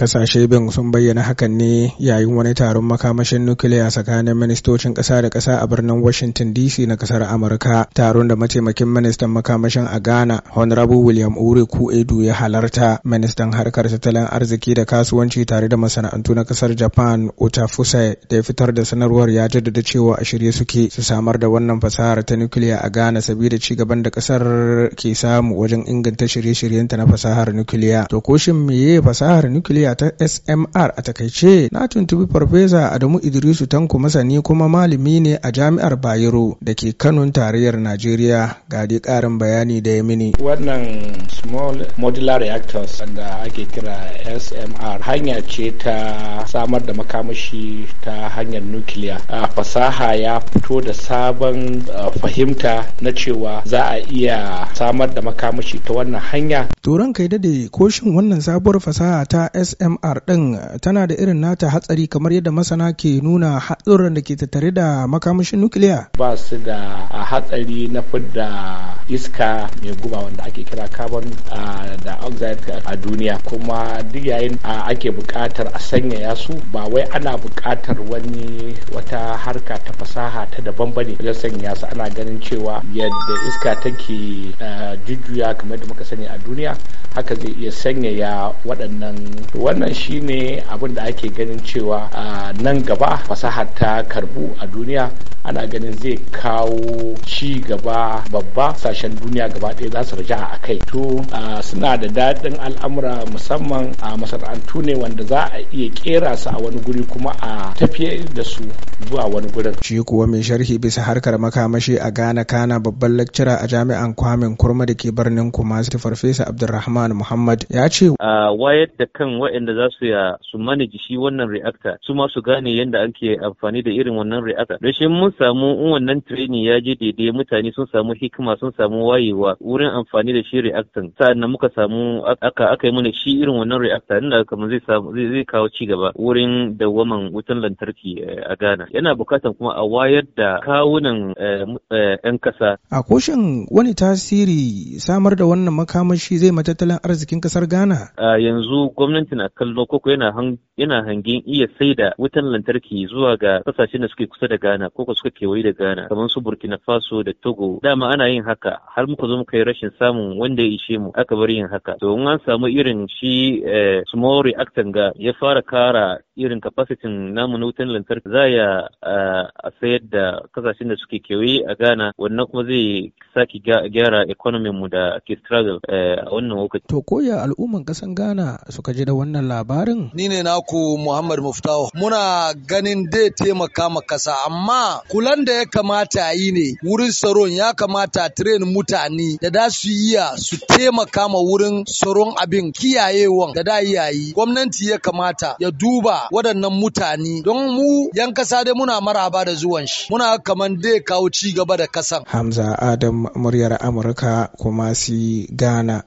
Kasashe bin sun bayyana hakan ne yayin wani taron makamashin nukiliya tsakanin ministocin ƙasa da ƙasa a birnin Washington DC na ƙasar Amurka, taron da mataimakin ministan makamashin a Ghana, Honorable William Ure Kuedu ya halarta, ministan harkar tattalin arziki da kasuwanci tare da masana'antu na ƙasar Japan, Uta Fusai, da ya fitar da sanarwar ya jaddada cewa a shirye suke su samar da wannan fasahar ta nukiliya a Ghana sabida ci gaban da ƙasar ke samu wajen inganta shirye-shiryenta na fasahar nukiliya. To koshin meye fasahar nukiliya kimiyya ta smr a takaice na tuntubi farfesa adamu idrisu tanko masani kuma malami ne a jami'ar bayero da ke kanun tarayyar najeriya ga dai karin bayani da ya mini wannan small modular reactors da ake kira smr hanya ce ta samar da makamashi ta hanyar nukiliya fasaha ya fito da sabon uh, fahimta na cewa za a iya samar da makamashi ta wannan hanya turan kai dade ko shin wannan sabuwar fasaha ta sm mr ɗin tana da irin nata hatsari kamar yadda masana ke nuna hatsuran da ke tattare da makamashin nukiliya ba su da hatsari na fidda iska mai guba wanda ake kira carbon da oxide a duniya kuma duk yayin ake buƙatar a sanyaya su ba wai ana buƙatar wani wata harka ta fasaha ta daban bane wajen sanya su ana ganin cewa yadda iska take jujjuya kamar da muka sani a duniya haka zai iya sanyaya waɗannan wannan shine abin da ake ganin cewa a nan gaba fasaha ta karbu a duniya ana ganin zai kawo ci gaba babba sashen duniya gaba ɗaya za su raja a kai to suna da daɗin al'amura musamman a masana'antu ne wanda za a iya kera su a wani guri kuma a tafiye da su zuwa wani gurin shi kuwa mai sharhi bisa harkar makamashi a Ghana Kana babban lecturer a jami'an Kwamin Kurma da ke birnin Kumasi Farfesa Abdulrahman Muhammad ya ce wayar da kan waɗanda za su ya su manage shi wannan reactor su ma su gane yadda ake amfani da irin wannan reactor don shi mun samu in wannan training ya je daidai mutane sun samu hikima sun samu wayewa wurin amfani da shi reactor na muka samu aka aka yi mana shi irin wannan reactor inda kamar zai samu zai kawo ci gaba wurin dawwaman wutan lantarki eh, a Ghana yana bukatan kuma a wayar da kawunan 'yan eh, eh, kasa a koshin wani tasiri samar da wannan makamashi zai matattalin arzikin kasar Ghana a yanzu gwamnatin yana kallo koko yana yana hangen iya sai da wutan lantarki zuwa ga kasashen da suke kusa da Ghana koko suka kewaye da Ghana kamar su Burkina Faso da Togo dama ana yin haka har muka zo muka yi rashin samun wanda ya ishe mu aka bar yin haka to an samu irin shi eh, small reactor ga ya fara kara irin kapasitin namu na wutan lantarki za ya a sayar da kasashen da suke kewaye a Ghana wannan kuma zai sake gyara economy mu da ke struggle a wannan lokaci. To koya al'umman kasan Ghana suka ji da wannan labarin? Ni ne naku Muhammad Muftahu. Muna ganin dai taimaka ma kasa amma kulan da ya kamata yi ne wurin tsaron ya kamata train mutane da da su iya su taimaka ma wurin tsaron abin kiyayewan da da iyayi. Gwamnati ya kamata ya duba waɗannan mutane don mu yan kasa dai muna maraba da zuwan shi muna kaman dai kawo ci gaba da kasan hamza adam muryar amurka kuma si ghana